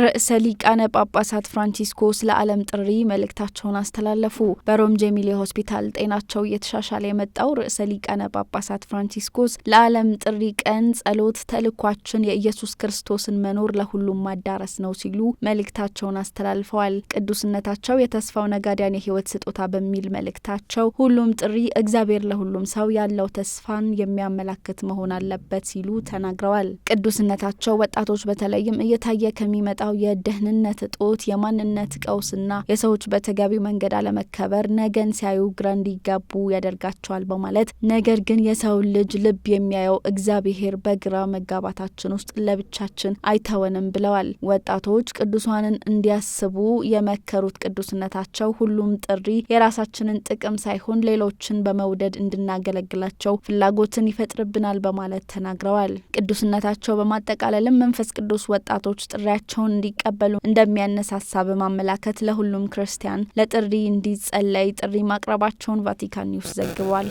ርዕሰ ሊቃነ ጳጳሳት ፍራንቺስኮስ ለዓለም ጥሪ መልእክታቸውን አስተላለፉ። በሮም ጄሚሌ ሆስፒታል ጤናቸው እየተሻሻለ የመጣው ርዕሰ ሊቃነ ጳጳሳት ፍራንቺስኮስ ለዓለም ጥሪ ቀን ጸሎት ተልኳችን የኢየሱስ ክርስቶስን መኖር ለሁሉም ማዳረስ ነው ሲሉ መልእክታቸውን አስተላልፈዋል። ቅዱስነታቸው የተስፋው ነጋድያን የሕይወት ስጦታ በሚል መልእክታቸው ሁሉም ጥሪ እግዚአብሔር ለሁሉም ሰው ያለው ተስፋን የሚያመላክት መሆን አለበት ሲሉ ተናግረዋል። ቅዱስነታቸው ወጣቶች በተለይም እየታየ ከሚመ የሚመጣው የደህንነት እጦት፣ የማንነት ቀውስና የሰዎች በተገቢ መንገድ አለመከበር ነገን ሲያዩ ግራ እንዲጋቡ ያደርጋቸዋል በማለት ነገር ግን የሰው ልጅ ልብ የሚያየው እግዚአብሔር በግራ መጋባታችን ውስጥ ለብቻችን አይተወንም ብለዋል። ወጣቶች ቅዱሳንን እንዲያስቡ የመከሩት ቅዱስነታቸው ሁሉም ጥሪ የራሳችንን ጥቅም ሳይሆን ሌሎችን በመውደድ እንድናገለግላቸው ፍላጎትን ይፈጥርብናል በማለት ተናግረዋል። ቅዱስነታቸው በማጠቃለልም መንፈስ ቅዱስ ወጣቶች ጥሪያቸውን ጌታቸውን እንዲቀበሉ እንደሚያነሳሳ በማመላከት ለሁሉም ክርስቲያን ለጥሪ እንዲጸለይ ጥሪ ማቅረባቸውን ቫቲካን ኒውስ ዘግቧል።